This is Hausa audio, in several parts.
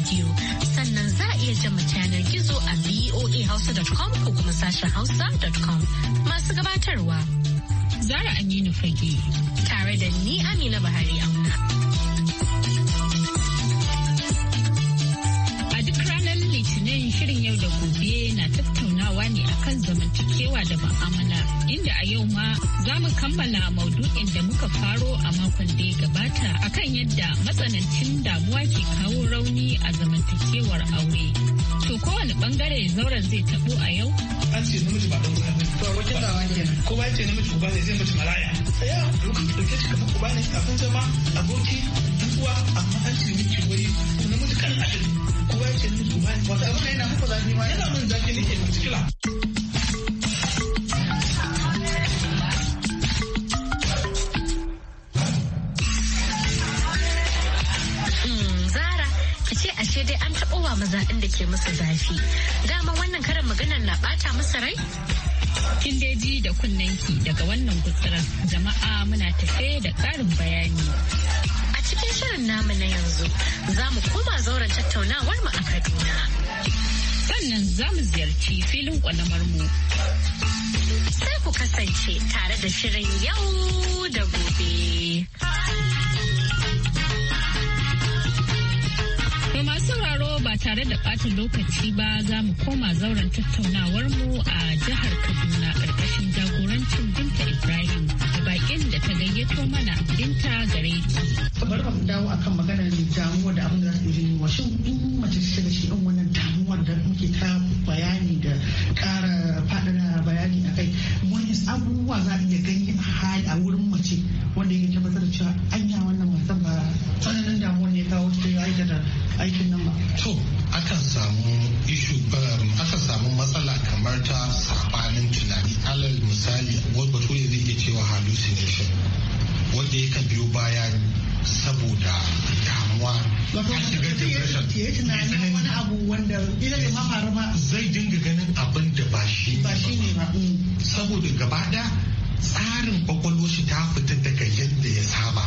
rediyo sannan za a iya jama yanar gizo a voahausa.com ko kuma sashen hausa.com masu gabatarwa. Zara Aminu Fage. Tare da ni Amina Bahari Auna. Shirin yau da gobe na tattaunawa ne akan zamantakewa da ma'amala inda a yau ma za mu kammala maudu'in da muka faro a makon da ya gabata akan yadda matsanancin damuwa ke kawo rauni a zamantakewar aure. To kowane bangare zauren zai tabo a yau? An ce namiji ba ɗan To a wajen dawa kenan. Kowa ya ce namiji uba ne zai mace malaya. Tsaya, lokacin da ke cika ba ne kafin zama aboki uwa amma an ce miki wai na mutukan adadi kowa ya ce miki ba wata abin yana muku zafi ma yana min zafi nake particular hmm, ashe dai an taɓo wa maza ɗin da ke musu zafi. Dama wannan karin maganar na ɓata musu rai? Kin dai ji da kunnanki daga wannan gutsuran jama'a muna tafe da ƙarin bayani. cikin shirin namu na yanzu za mu koma zauren tattaunawar mu a Kaduna. Sannan za mu ziyarci filin kwalamar mu. Sai ku kasance tare da shirin yau da gobe. sauraro ba tare da ɓata lokaci ba za mu koma zauren tattaunawar mu a jihar Kaduna ƙarƙashin jagorancin aiko mana binta gare ki. Bari mu dawo akan maganar damuwa da abin da za su yi wa shin in mace ta shiga in wannan damuwa abubuwan da muke ta bayani da kara faɗaɗa bayani a kai wani abubuwa za a iya gani a wurin mace wanda yake tabbatar da cewa yi wannan matan ba tsananin damuwar ne kawo ta aikata aikin nan ba. To akan samu ishu um, aka samu matsala kamar ta sabanin tunani alal misali wadda zai iya cewa hallucination wanda yakan biyo baya saboda damuwa zai dinga ganin abin da ba shi ne ba mm. saboda gaba da tsarin kwakwalwa shi ta fita daga yadda ya saba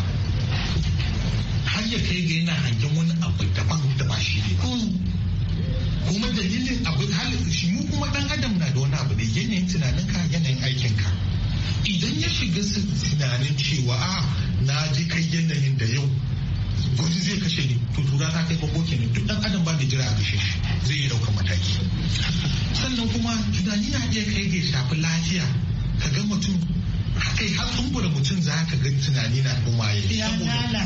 har ya kai ga yana hangen wani abu daban da ba shi ne ba mm. kuma dalilin abu halin shi mu kuma dan adam na da wani abu ne yanayin tunaninka yanayin aikinka idan ya shiga tunanin cewa a ah, na ji kai yanayin da yau gwaji zai kashe ni to tura ta kai bako kenan duk dan adam ba da jira a kashe shi zai iya ɗaukar mataki sannan kuma tunani na iya kai da shafi lafiya ka ga mutum kai har kumbura mutum za ka ga tunani na kuma ya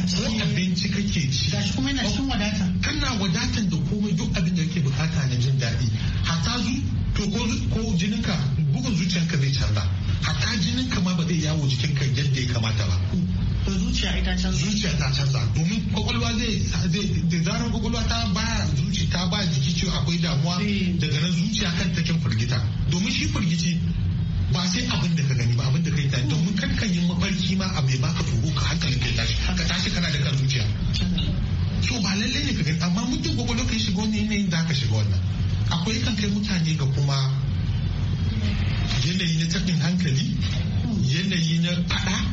saboda abinci kake ci gashi kuma yana cikin wadata kana wadatan da komai duk abin da kake bukata na jin daɗi hatta zu to ko jininka bugun zuciyanka zai canza hatta jinin kama ba zai yawo jikin ka yadda ya kamata ba zuciya ita canza zuciya ta canza domin kwakwalwa zai da zarar kwakwalwa ta ba zuci ta ba jiki cewa akwai damuwa eh. daga nan zuciya kan kin firgita domin shi firgici ba sai abin da ka gani ba abin da kai ta domin kan kan yi mafarki ma a mai baka tsoro ka hankalin kai tashi ka tashi kana da kan zuciya so ba lallai ne ka gani amma mutum kwakwalwa kai shiga wani yanayin da aka shiga wannan akwai kan kai mutane ga kuma yanayi na tafin hankali yanayi na fada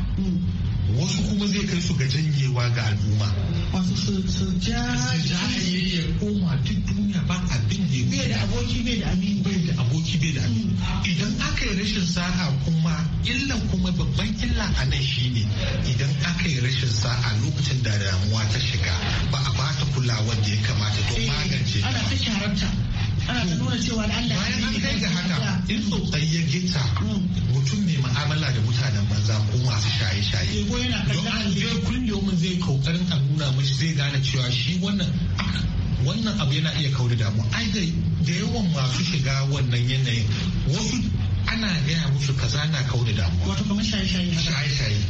wasu kuma zai kai su ga janyewa ga al'umma wasu su jahaye ya koma duk duniya ba abin da bai da aboki bai da amini bai da aboki bai da amini mm. idan aka yi rashin sa'a kuma illan kuma babban illa a nan shine idan aka yi rashin sa'a lokacin da damuwa ta shiga ba a bata kulawar da ya kamata don eh, magance ana ta ana ta nuna cewa da Allah bayan an kai ga haka in tsotsai ya gita mutum ne mu'amala da mutanen banza ko masu shaye-shaye ko yana kallon zai kullum zai kokarin a nuna mashi zai gane cewa shi wannan wannan abu yana iya kawo da damu ai da yawan masu shiga wannan yanayin wasu ana gaya musu kaza na kawo da damu wato kamar shaye-shaye shaye-shaye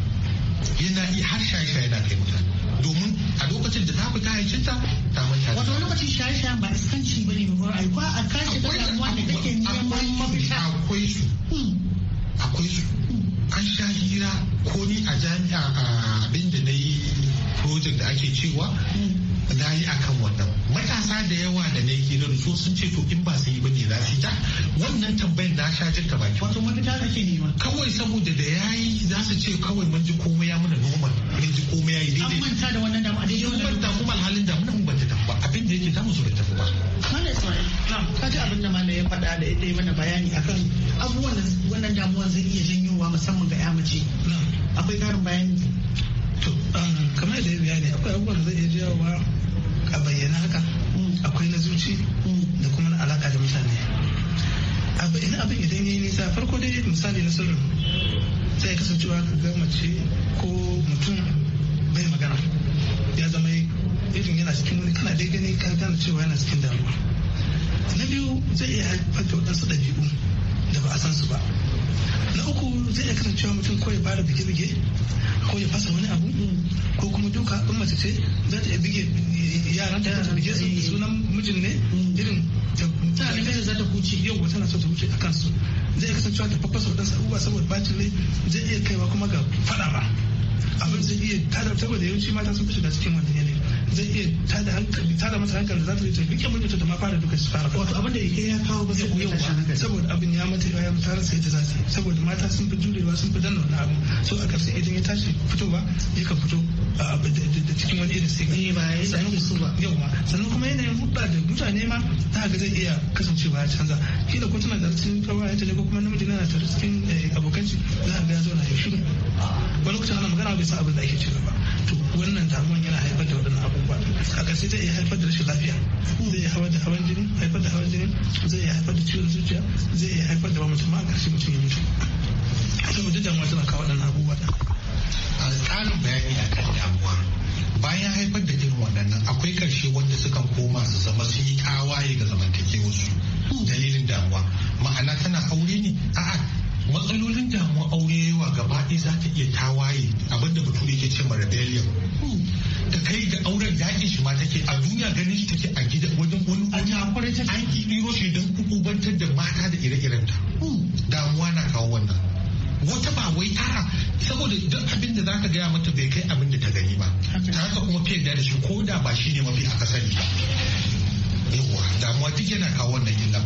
yana iya har shaye-shaye na kai mutane domin a lokacin da ta fi kayacinta ta ta manta wato lokacin shaye-shayen ba iskanci ba ne ba ai ko a kashi da damuwa da kake neman mafita akwai su hmm. akwai su hmm. an sha hira ko ni a jami'a abin da na yi project da ake cewa hmm. na yi akan wannan matasa da yawa da ne ke da so sun ce to in ba su yi ba ne za su ta wannan tambayar na sha jin ka baki wato wani ta kake nema kawai saboda da yayi za su ce kawai mun ji komai ya muna normal mun ji komai ya yi daidai an manta da wannan damu a daidai wannan damu kuma halin damu nan ban ta tafi ba abin da yake damu su bai tafi ba mana ismail ka ji abin da mana ya faɗa da ya mana bayani akan abubuwan da wannan damuwa zai iya janyowa musamman ga ya mace akwai karin bayani to um, kamar da ya bayani akwai abubuwan da zai iya jawowa a bayyana haka akwai na zuci da kuma na alaka da mutane a bayyana abin idan yi nisa farko dai misali na sirrin zai kasancewa ka ga mace ko mutum bai magana ya zama irin yana cikin wani kana dai gani ka gane cewa yana cikin damuwa na biyu zai iya haifar da waɗansu ɗabi'u da ba a san su ba na uku zai iya kasancewa mutum ko ya fara bige-bige ko ya fasa wani abu ko kuma duka in mace ce za ta iya bige yaran ta ta bige su sunan mijin ne irin ta ne kai za ta huce yau wata na so ta huce a kansu zai iya kasancewa ta fafasa wadansu abubuwa saboda bacin ne zai iya kaiwa kuma ga fada ba abin zai iya tada saboda yawanci mata sun fi shiga cikin wani zai iya tada hankali tada mata hankali za ta yi tafi kyan da ma fara duka su fara wato abin da ya ya kawo ba sai ku yawa saboda abin ya mata ya mata rasa yadda za ta yi saboda mata sun fi jurewa sun fi danna wani abu so a ƙarshe idan ya tashi fitowa ka fito da cikin wani irin sai eh, ba ya sake musu ba yawa sannan kuma yanayin hudda da mutane ma ta ga zai iya kasancewa ya canza kila ko tana da cikin kawai ya tare ko kuma namiji na tare cikin eh, abokan shi za a ga ya zauna ya shiru wani lokacin ana magana bai sa abin da ake cewa ba to wannan damuwan yana haifar da waɗannan abubuwa a ƙarshe zai iya haifar da rashin lafiya zai iya haifar da hawan jini haifar da hawan jini zai iya haifar da ciwon zuciya zai iya haifar da ba mutum a ƙarshe mutum ya mutu saboda damuwa tana kawo waɗannan abubuwa a tsarin bayani a kan damuwa bayan haifar da irin waɗannan akwai ƙarshe wanda sukan koma su zama sun yi tawaye ga zamantakewarsu dalilin damuwa ma'ana tana aure ne a'a matsalolin damuwa aure yawa gaba ɗaya za ta iya tawaye abinda mutum yake ce ma rebellion ta kai ga auren yakin shi ma take a duniya ganin shi take a gida wajen wani an hakuri ta an shi don kubantar da mata da ire-irenta damuwa na kawo wannan wata ba wai tara saboda duk abin da zaka gaya mata bai kai abin da ta gani ba ta haka kuma fiye da shi ko da ba shi ne mafi akasari ba yawa damuwa duk yana kawo wannan illa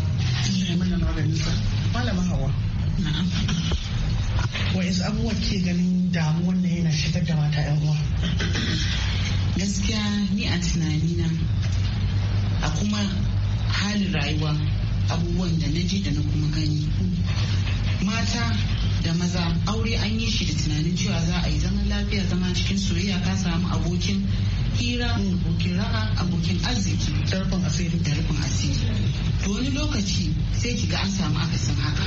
malama hawa Wai abubuwan ke ganin damuwan na yana shigar da mata 'yan uwa gaskiya ni a tunanina a kuma halin rayuwa abubuwan da na ji da na kuma gani mata da maza aure an yi shi da tunanin cewa za a yi zaman lafiya zama cikin soyayya ka samu abokin hira abokin ra'a abokin arziki darfin asiri darfin asiri to wani lokaci sai ki ga an samu akasin haka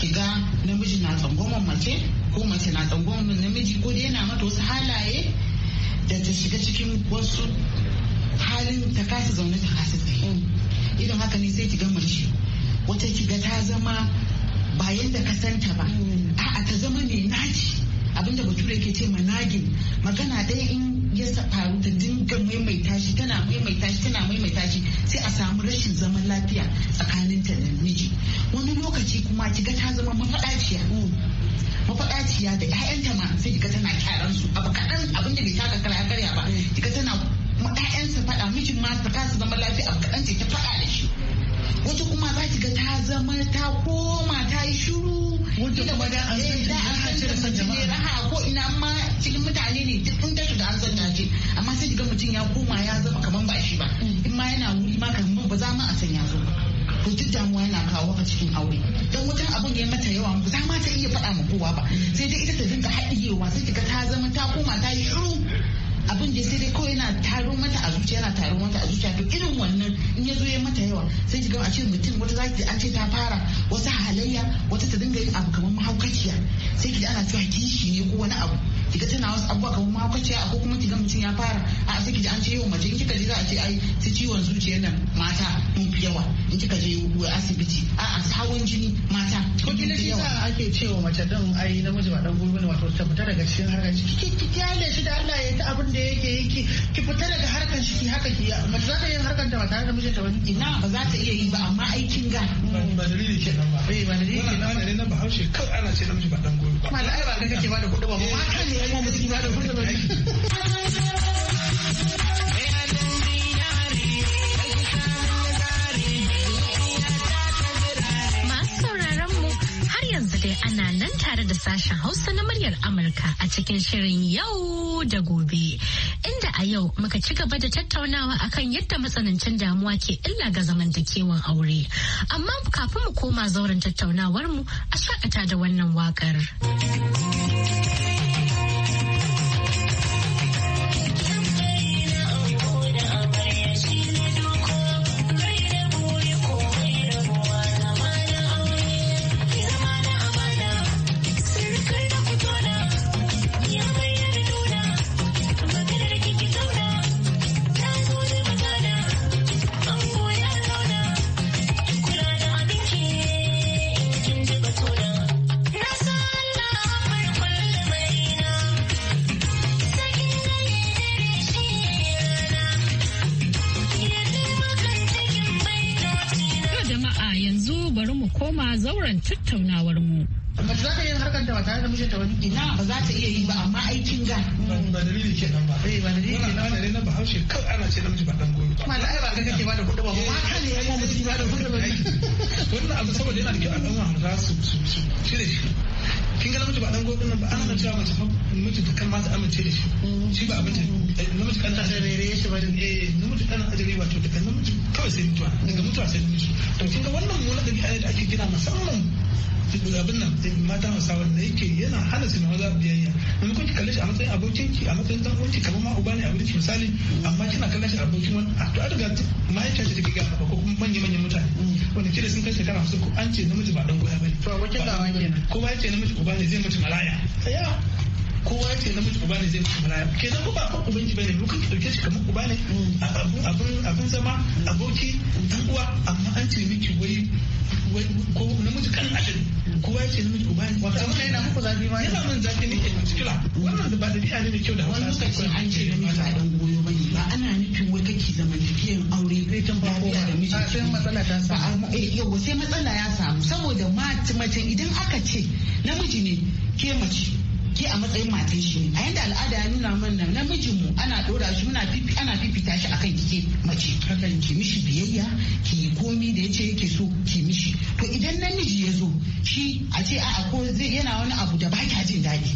Kiga namiji na tsangwaman mace ko mace na tsangwaman namiji ko da yana mata wasu halaye da ta shiga cikin wasu halin ta kasa zaune ta kasa tsaye mm. idan haka ne sai ki ga mace wata kiga ta zama ba yadda ka santa ba mm. a'a ta zama mai naji abinda bature ke ce ma managin magana dai in ya faru ta dinga maimaita shi tana maimaita shi tana maimaita shi sai a samu rashin zaman lafiya tsakanin ta da miji wani lokaci kuma kiga ta zama mafaɗaciya mafaɗaciya da ƴaƴanta ma sai kiga tana kyaran su abu kaɗan abin da bai taka kara karya ba mm. kiga tana ma ƴaƴansa faɗa mijin ma ta kasa zama lafiya abu kaɗan ce ta faɗa da shi wata kuma za ki ga ta zama ta koma ta yi shuru wanda kuma da an san ta raha ce da san jama'a raha ko ina ma cikin mutane ne duk in ta da an san ce amma sai ga mutum ya koma ya zama kaman ba shi ba mm. in ma yana wuri ma kaman ba za ma a san ya zo ba to duk damuwa yana kawo a cikin aure dan wutan abin ya mata yawa ba za ma ta iya faɗa ma kowa ba mm. sai dai ita ta dinga haɗiyewa sai kika ta zama ta koma ta yi shiru abin da sai dai kawai yana taro mata a zuciya yana taro mata a zuciya to irin wannan in ya zo ya mata yawa sai kiga a ce mutum wata za ki an ce ta fara wata halayya wata ta dinga yin abu kamar mahaukaciya sai kiga ana cewa kishi ne ko wani abu kiga tana wasu abubuwa kamar mahaukaciya ko kuma kiga mutum ya fara a sai kiga an ce yau mace in kika je za a ce ai su ciwon zuciya nan mata mun fi yawa in kika je asibiti a'a hawan jini mata ko kina shi ake cewa mace din ai namiji ba dan wato ta fita daga cikin harkar ciki ki ki kyale shi da Allah ya ta abin da yake yi ki ki fita daga harkar ciki haka ki mace za ta yi harkar da ba tare da mijinta wani ina ba za ta iya yi ba amma aikin ga ba dalili ke nan ba eh ba dalili ke nan ba ne ba haushe kai ana ce namiji ba dan goyo ba ai ba ga kake ba da kuɗi ba ma kan ne mu mutum ba da kuɗi ba eh. sashen Hausa na muryar Amurka a cikin shirin yau da gobe. Inda a yau muka ci gaba da tattaunawa akan yadda matsanancin damuwa ke illa ga zamantakewan aure. Amma kafin mu koma zauren tattaunawar mu a shakata da wannan waƙar. mace namiji ta kan ta amince da shi shi ba abin da eh, namiji kan ta ba din eh namiji kan wato daga namiji kawai sai mutuwa daga mutuwa sai to kin ga wannan mu na da ake gina musamman abin nan mata da yake yana hana su na maza biyayya in kuka kalle shi a matsayin abokin ki a matsayin dan uwanki kamar ma uba ne a wurin misali amma kina kalle shi abokin wani a to a daga ma'aikata ce take gaba ko kuma manya manyan mutane wanda kira sun kai shekara hamsin ko an ce namiji ba dan goya bane to wajen gawa kenan kowa ya ce namiji uba ne zai mutu malaya kowa ya ce namiji uba ne zai mutu malaya kenan ko ba kan ubangi bane mu kan dauke shi kamar uba ne mm. abin abin zama aboki dan uwa amma an ce miki wai ko namiji kan ajin kowa ce namiji uba ne wata wannan yana muku zafi ma yana mun zafi ne ke cikila wannan ba da biya ne da kyau da wani lokaci an ce namiji ba dan goyo ne ba ana nufin wai kake zamantakewan aure kai tun ba kowa da miji sai matsala ta samu eh yau sai matsala ya samu saboda mace idan aka ce namiji ne ke mace ke a matsayin matan shi a yanda al'ada ya nuna mana namijin mu ana dora shi muna fifi ana fifita shi akan kike mace ki mishi biyayya ki yi komi da yace yake so ki mishi to idan namiji ya zo shi a ce a'a ko zai yana wani abu da baki jin daɗi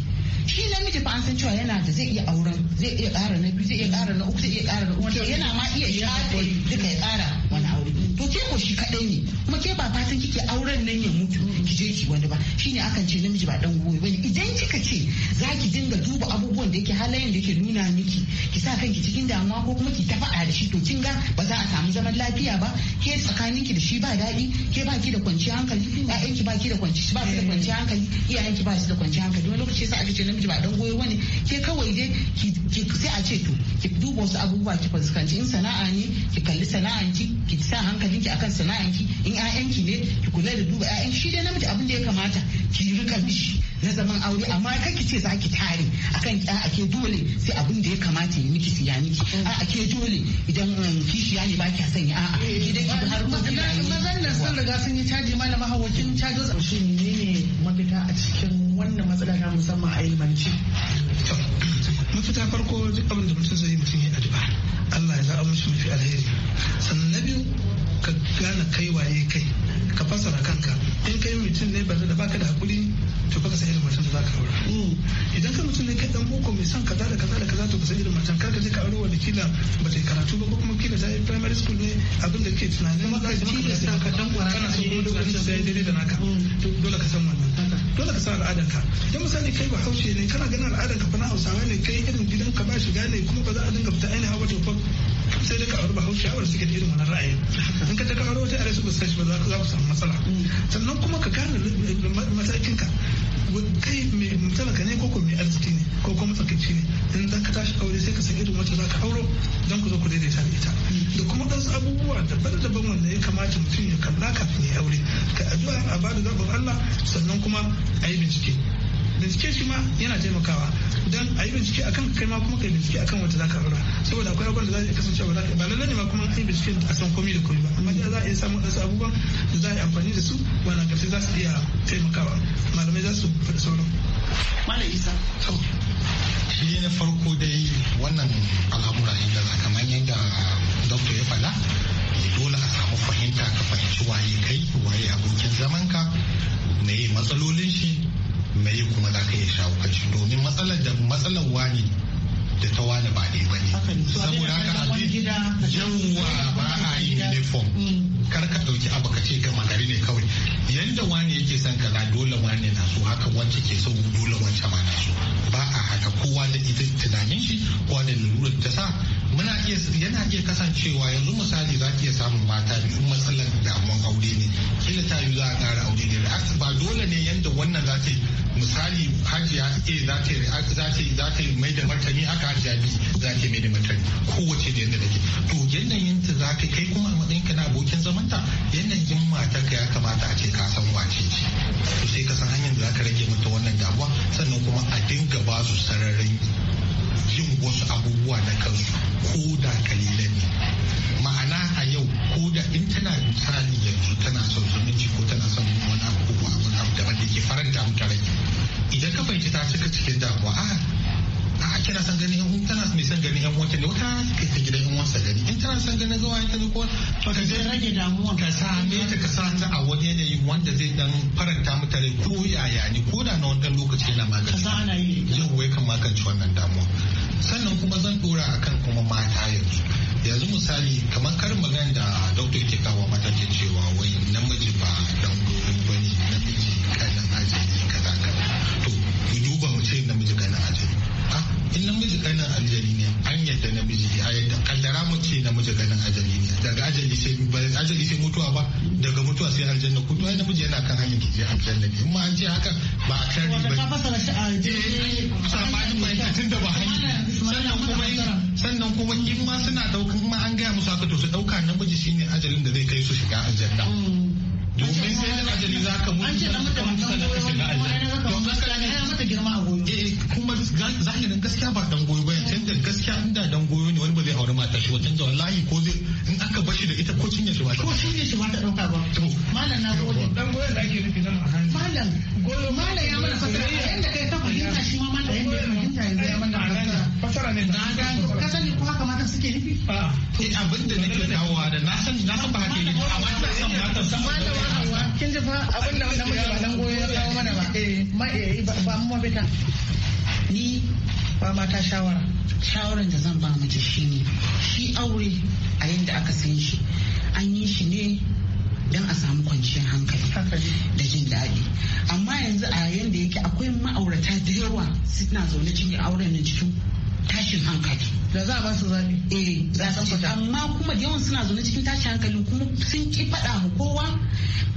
shi namiji fa an san cewa yana da zai iya auren zai iya ƙara na biyu zai iya ƙara na uku zai iya ƙara na uku yana ma iya shafe duka ya ƙara wani aure to ke ko shi kadai ne kuma ke ba fatan kike auren nan ya mutu ki je ki wani ba shine akan ce namiji ba dan gobe bane idan kika ce za ki dinga duba abubuwan da yake halayen da yake nuna miki ki sa kanki cikin damuwa ko kuma ki ta faɗa da shi to kin ga ba za a samu zaman lafiya ba ke tsakaninki da shi ba daɗi ke ba ki da kwanciyar hankali ƴaƴanki ba ki da kwanciyar ba su da kwanciyar hankali iyayenki ba su da kwanciyar hankali wani lokaci sai aka ce namiji ba dan gobe bane ke kawai dai ki sai a ce to ki duba wasu abubuwa ki fuskanci in sana'a ne ki kalli sana'anki ki sa hankalinki akan sana'anki in ƴaƴanki ne ki kula da duba ƴaƴan shi dai namiji abin da ya kamata ki rika mishi na zaman aure amma kar ki ce za ki tare akan ki ake dole sai abin da ya kamata ya miki siya miki a ake dole idan um, kishiya ne ba eh, ki sanya a a idan ki har ma mazan nan san riga sun yi caji malama hawakin cajin shi ne ne mafita a cikin wannan matsala na musamman a ilmanci mafita farko duk abin da mutum zai yi mutum ya addu'a Allah ya zaɓa musu mafi alheri sannan na biyu ka gane kai waye kai ka fasara kanka in kai mutum ne ba da baka da hakuri to ka san irin mutum da zaka aura hmm. idan ka mutum ne kai dan boko mai kaza da kaza da kaza to ka san irin mutum kar ka je ka aure wanda kila ba ta karatu ba ko kuma kila ta yi primary school ne abin da ke tunanin ma kai da kana so kuma lokacin sai daidai da naka hmm. to dole ka san wannan dole ka san al'adar ka misali kai ba haushe ne kana ganin al'adar ka fa hausawa ne kai irin gidan ka ba shiga ne kuma ba za a dinga fita ainihin hawa tafa. sai dai ka auri bahaushe awar suke da irin wannan ra'ayin in ka ta ka wata yare su ba su ba za ku samu matsala mm. sannan kuma ka gane matakin ka kai mai talaka ne ko mai arziki ne ko kuma matsakaici ne in za ka tashi aure sai ka san irin wacce za ka auro don ku zo ku daidaita da ita da kuma ɗansu abubuwa daban-daban wanda ya kamata mutum ya kalla kafin ya aure ka addu'a a bada zaɓin Allah sannan kuma a yi bincike bincike shi ma yana taimakawa don a yi bincike akan kai ma kuma kai bincike akan wata zaka aura saboda akwai abubuwan da za su kasance ba ba lallai ne ma kuma an yi bincike a san komi da komi ba amma za a iya samun wasu abubuwan da za a yi amfani da su wanda karshe za su iya taimakawa malamai za su faɗi sauran. Malam Isa. Shi na farko dai wannan al'amura inda kamar yadda dokta ya faɗa dole a samu fahimta ka fahimci waye kai waye abokin zamanka me matsalolin shi mai yi kuma za ka iya shawo kan shi domin matsalar da matsalar wani da ta wani ba ne ba ne saboda haka abin yawwa ba a yi uniform mm. kar ka ɗauki abu ka ce gama gari ne kawai yadda wani yake son kaza dole wani na so haka wacce ke so dole wancan ma na so ba a haka kowa da ita tunanin shi kowa da lalurar ta sa muna iya yana iya kasancewa yanzu misali za ki iya samun mata biyu matsalar damuwan aure ne kila ta yi za a ƙara aure ne ba dole ne yadda wannan za ta yi misali hajiya a za ta za ta za ta mai da martani aka hajiya bi za ta mai da martani kowace da yadda take to yadda yinta za ka kai kuma a matsayinka na abokin zamanta ta yanayin mata ka ya kamata a ce ka san wace ce to sai ka san hanyar da za ka rage mata wannan damuwa sannan kuma a dinga ba su sararin yin wasu abubuwa na kansu ko da kalilan ne ma'ana a ko da in tana misali yanzu tana son zumunci ko tana son wani abu ko wani abu daban da ke faranta mutane idan ka fahimci ta cika cikin damuwa ah, a a kina san ganin yan tana mai san ganin yan wata ne wata kai ta gidan yan wasa gani in tana san ganin gawa ta ko to ka je rage damuwa ka same ta ka sa ta a wani yanayi wanda zai dan faranta mata ko yaya ne ko da na wani dan lokaci yana magani ka sa ana yi yau wai kan magance wannan damuwa sannan kuma zan dora akan kuma mata yanzu yanzu misali kamar karin magana da doktor ke kawo matakin cewa wai namiji ba dan gobe ba ne namiji kanin kaza kaza to mu duba mu ce namiji kanin a ah, in namiji kanin ajali ne an yadda namiji a yadda kaddara mu ce namiji kanin ajali ne daga ajali sai ajali sai mutuwa ba daga mutuwa sai aljanna ku to namiji yana kan hanyar ki je aljanna ne amma an ce haka ba a tare ba ta fasara shi a je eh, sabanin mai tunda ba sannan kuma sannan kuma in ma suna daukan ma an gaya musu haka to su dauka namiji shine ajalin da zai kai su shiga aljanna mm. domin sai da ajali zaka mutu ka mutu ka wani. a kuma zahirin gaskiya ba dan goyo bane tunda gaskiya inda dan goyo ne wani ba zai aure matar shi wata da wallahi ko zai in aka bar shi da ita ko cinye shi ba ko cinye shi ba ta dauka ba to malam na zo wajen dan goyo da ake nufi nan malam goyo malam ya mana fasara yanda kai ka fahimta shi ma malam yanda ya fahimta yanzu ya mana fasara ne na ga ka sani ko haka mata suke nufi a eh, abin abinda nake dawowa da na san na san ba haka yake amma ina san matan san malam kin ji fa abinda wannan mutum dan goyo ya kawo mana ba eh ma eh, ba mu mafita ba mata shawara shawaran da zan ba mace shi ne shi aure a yadda aka san shi an yi shi ne don a samu kwanciyar hankali da jin daɗi amma yanzu a yadda yake akwai ma'aurata da yawa suna zaune cikin auren na cikin tashin hankali da za a ba su zaɓi eh za a fita amma kuma da yawan suna zaune cikin tashin hankali kuma sun ki faɗa mu kowa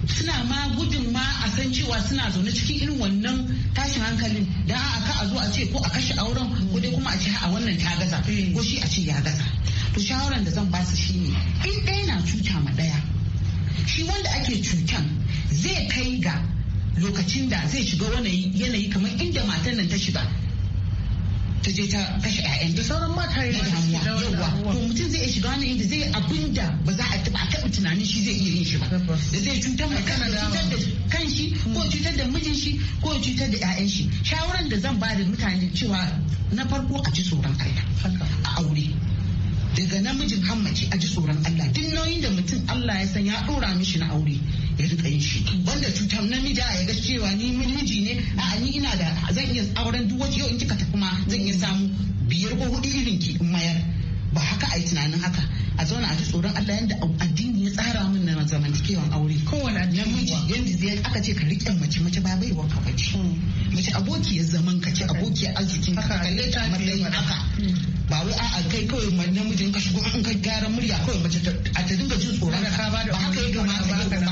suna ma gudun ma a san cewa suna zaune cikin irin wannan tashin hankalin da a ka a zo a ce ko a kashe auren ko dai kuma a ce a wannan ta gaza eh. ko shi a ce ya gaza to shawaran da zan ba su ne in ɗaya na cuta ma ɗaya shi wanda ake cutan zai kai ga lokacin da zai shiga wani yanayi kamar inda matan nan ta shiga ta je ta kashe yayan da sauran mata ya damuwa yawa to mutum zai shiga wani inda zai abin da ba za a taba taɓa tunanin shi zai iya yin shi ba da zai cutar da kan ko hmm. cutar da mijin shi ko cutar da ƴaƴan shi shawaran da zan ba da mutane cewa na farko a ji tsoron Allah a aure daga namijin hammaci a ji tsoron Allah duk nauyin da mutum Allah ya san ya dora mishi na aure ya rika yin shi wanda cutar namiji a ga cewa ni miji ne a'a ni ina da zan iya auren duk waje yau in kika tafi ma zan iya samu biyar ko hudu irin ki in mayar ba haka a yi tunanin haka a zauna a ji tsoron Allah yadda addini ya tsara min na zamantakewan aure kowane namiji yadda zai aka ce ka riƙe mace mace ba bai wanka ba ce hmm. mace abokiyar zaman ka ce abokiyar arzikin ka kalle ta matsayin haka hmm. ba wai a'a kai kawai namijin ka shigo in ka gyara murya kawai mace a ta dinga jin tsoron ka ba haka ya gama yi.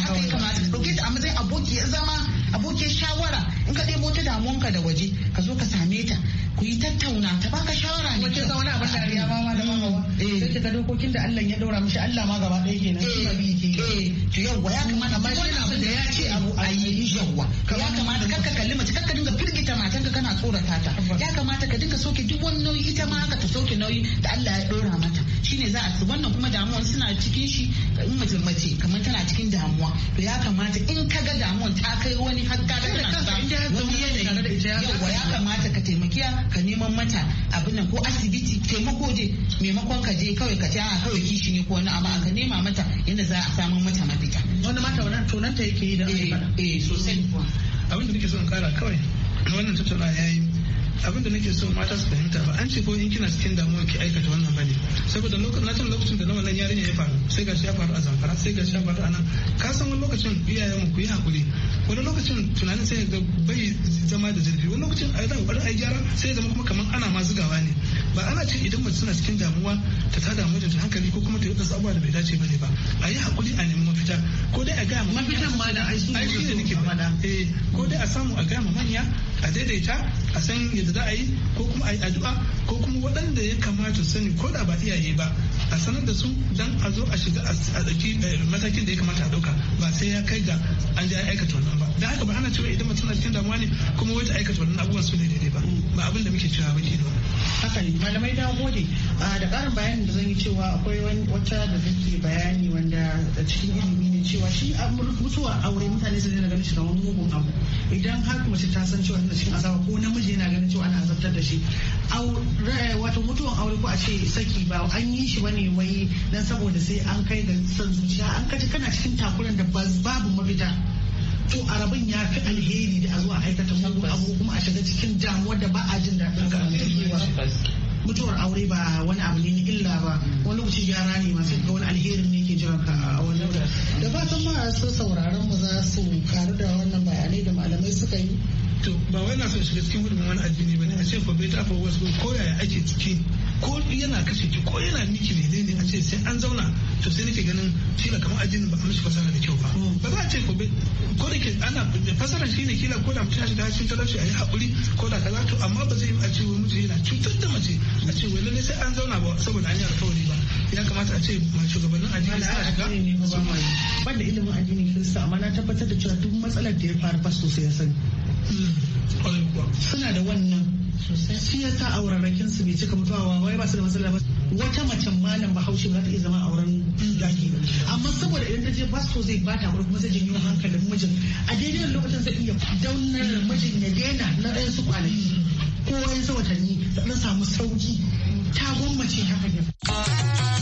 ɗauke shawara in ka ɗebo ta damuwanka da waje ka zo ka same ta ku yi tattauna ta baka shawara ne wace zauna abin dariya ma ma da mamawa mm. eh. sai ki ga dokokin da Allah ya dora mishi Allah ma gaba ɗaya kenan kuma eh eh to yawa ya kamata ma wannan abin da ya ce abu ayi yi yawa ya kamata kakka kalli mace kakka dinga firgita matan ka kana tsorata ta ya kamata ka dinga soke duk wani nauyi ita ma haka ta soke nauyi da Allah ya dora mata shine za a ci wannan kuma damuwar suna cikin shi in mace mace kamar tana cikin damuwa to ya kamata in ka ga damuwar ta kai wani har ka ga tana wani yanayi ya kamata taimaki ka neman mata abin nan ko asibiti taimako je maimakon ka je kawai ka ce kawai kishi ne ko wani amma ka nema mata yadda za a samu mata mafita wani mata wannan tonanta yake yi da eh, eh sosai abin da nake so in kara kawai wannan tattauna ya yi abin da nake so mata su fahimta ba an ce ko in kina cikin damuwa ki aikata wannan bane saboda lokacin na tun lokacin da wannan yarinya ya faru sai ga shi ya faru a zamfara sai ga shi ya faru a nan ka san wani lokacin iyayen mu ku yi hakuri wani lokacin tunanin sai ga bai zama da zurfi wani lokacin a da a ai gyara sai zama kuma kaman ana ma zugawa ne ba ana ce idan mace suna cikin damuwa ta ta damu da hankali ko kuma ta yi abubuwa da bai dace ba ne ba a yi hakuri a nemi mafita ko dai a ga mafitan ma da ai su nake faɗa eh, ko dai a samu a ga manya a daidaita a san da za a yi ko kuma a yi addu'a ko kuma waɗanda ya kamata sani ko da ba iyaye ba a sanar da su dan a zo a shiga a ɗauki eh, matakin da ya kamata a ɗauka ba sai ya kai ga an ja aikata wannan ba da haka ba ana cewa idan mutum na cikin damuwa ne kuma wata aikata wannan abubuwan su ne daidai ba ba abin da muke cewa ba ke haka ne malamai na gode a ah, da karin bayanin da zan yi cewa akwai wata da take bayani wanda a cikin ilimi ne cewa shi mutuwa aure mutane su daina ganin shi kamar mugun abu idan har mace ta san cewa tana cikin azaba ko namiji yana ganin cewa ana azabtar da shi eh, wato mutuwan aure ko a ce saki ba an yi shi bane wai dan saboda sai an kai ga san zuciya an kaji kana cikin takuran da babu mafita to arabin ya fi alheri da a zuwa aikata mugun abu kuma a shiga cikin damuwa da ba a jin daɗin ga mutuwar aure ba wani abu ne illa ba wani lokaci gyara ne masu ga wani alherin ne ke jiran ka a wani da fatan masu sauraron mu za su karu da wannan bayanai da malamai suka yi to ba wai na so shiga cikin hudumin wani addini ba ne a ce ko bai tafa wasu ko yaya ake ciki ko yana kashe ki ko yana miki ne ne a ce sai an zauna to sai nake ganin kila kamar ajin ba a mishi fasara da kyau ba ba za a ce ko da ke ana fasara shine kila ko da mutum ya shiga cikin talauci a yi haƙuri ko da kaza to amma ba zai yi a ce wani mutum yana cutar da mace a ce wai lalle sai an zauna ba saboda an yi alkawari ba ya kamata a ce ma shugabannin addini suna shiga ba da ilimin addinin kirista amma na tabbatar da cewa duk matsalar da ya faru ba sosai ya sani hmm, suna da wannan shi ya sa aurarrakin su bai cika mutuwa wai ba su da matsala ba wata mace malam bahaushe ba ta iya zama auren daki amma saboda idan ta je basto zai bata wurin kuma zai janyo hankalin mijin a daidai lokacin zai iya daunar mijin ya daina na ɗayan su kwanaki ko wani watanni da samu sauki ta gwammace haka ne.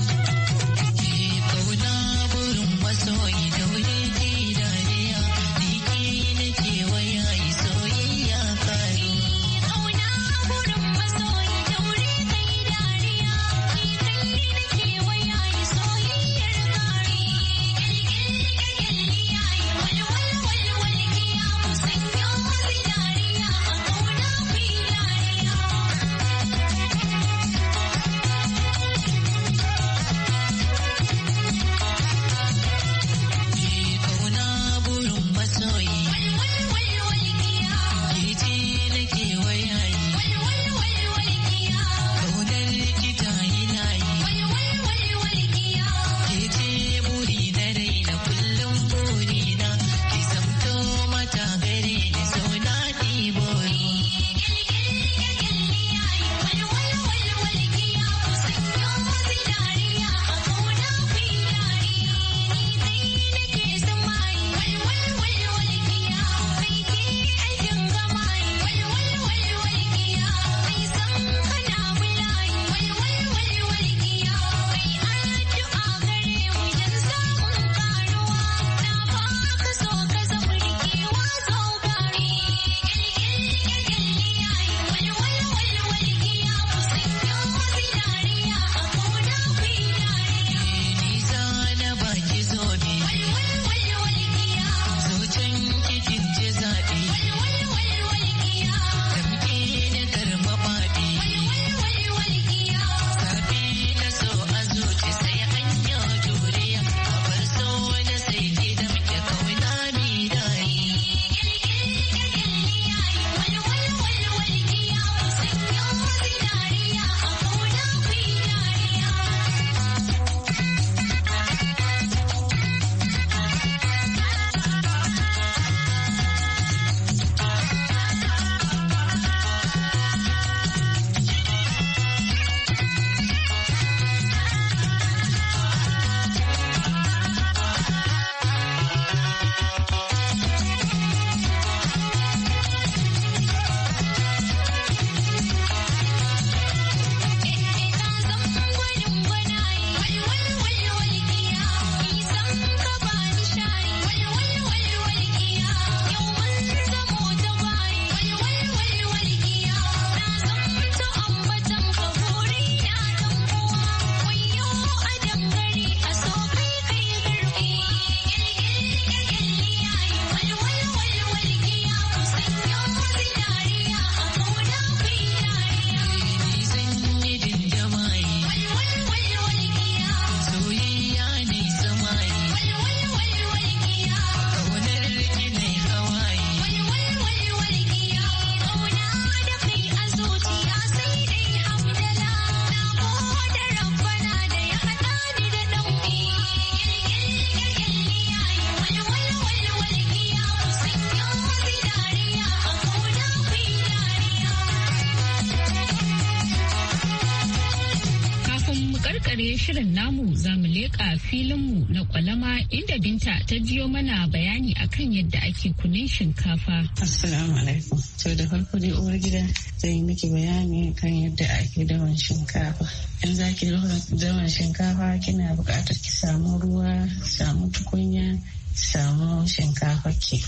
shirin namu za mu leƙa filinmu na kwalama inda binta ta jiyo mana bayani akan yadda ake kunin shinkafa. Assalamu alaikum. To da farko dai uwar gida zai miki bayani kan yadda ake dawan shinkafa. In za ki dawan shinkafa kina bukatar ki samu ruwa, samu tukunya, samu shinkafa ki.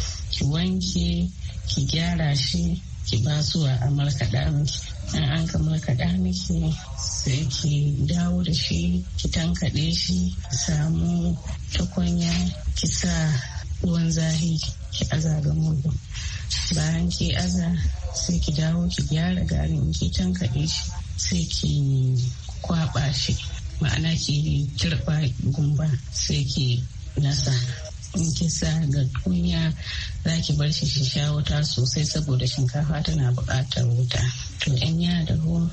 wanke, ki gyara shi, ki ba su a markaɗa miki. in an gama kaɗa miki sai ki dawo da shi ki tankaɗe shi samu takwanya ki sa ruwan zahi ki aza ga mudu bayan ki aza sai ki dawo ki gyara garin ki tankaɗe shi sai ki kwaɓa shi ma'ana ki turɓa gumba sai ki nasa in kisa ga kunya za ki bar shi sha wuta sosai saboda shinkafa tana buƙatar wuta to in ya da ruwa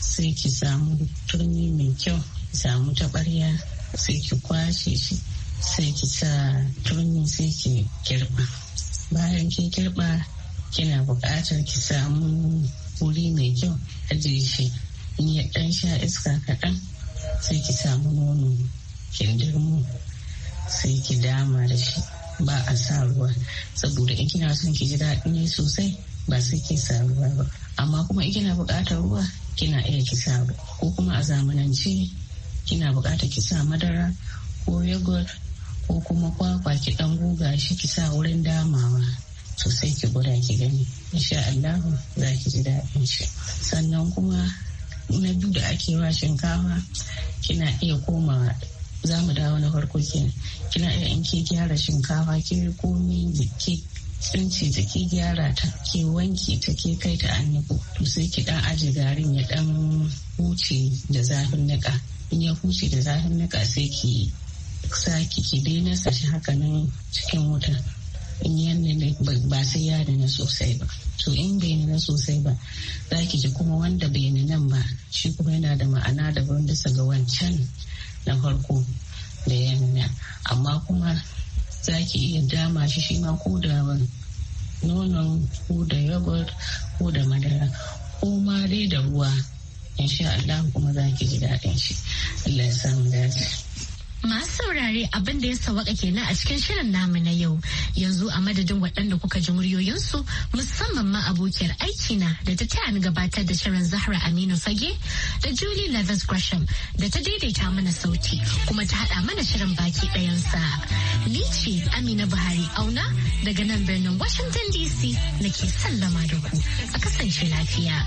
sai ki samu turmi mai kyau ki samu taɓarya sai ki kwashe shi sai ki sa turmi sai ki kirɓa bayan ki kirɓa kina buƙatar ki samu wuri mai kyau ajiye shi in ya ɗan sha iska kaɗan sai ki samu nono kindirmo sai ki dama da shi ba a sa ruwa saboda in kina son ki ji daɗi ne sosai ba sai ki sa ruwa ba amma kuma in kina buƙatar ruwa kina iya ki sa ko kuma a zamanance kina buƙatar ki sa madara ko yogurt ko kuma kwakwa ki ɗan guga shi ki sa wurin damawa sosai ki gwada ki gani insha Allah za ki ji daɗin shi sannan kuma na biyu da ake wa shinkafa kina iya komawa. za mu dawo na farko kenan kina iya in ke gyara shinkafa ke komi da ke tsinci ta ke gyara ta ke wanki ta ke kai ta yi to sai ki dan aje garin ya dan huce da zafin nika in ya huce da zafin nika sai ki saki ki daina sa shi haka nan cikin wuta in yanne ba sai ya dana sosai ba to in bai nuna sosai ba za ki ji kuma wanda bai nan ba shi kuma yana da ma'ana daban bisa ga wancan na farko da yamma amma kuma za ki iya dama shi shi ma ko da nonon ko da yogurt ko da madara ko ma dai da ruwa insha Allah kuma za ki ji daɗin shi Allah ya Masu saurare abin da ya sawaka kenan a cikin shirin namu na yau yanzu a madadin waɗanda kuka ji muryoyinsu musamman ma abokiyar aiki na da ta taya ni gabatar da shirin Zahra Aminu Fage da Julie Levis Gresham da ta daidaita mana sauti kuma ta haɗa mana shirin baki ɗayansa. Ni ce Amina Buhari Auna daga nan birnin Washington DC nake sallama da ku a kasance lafiya.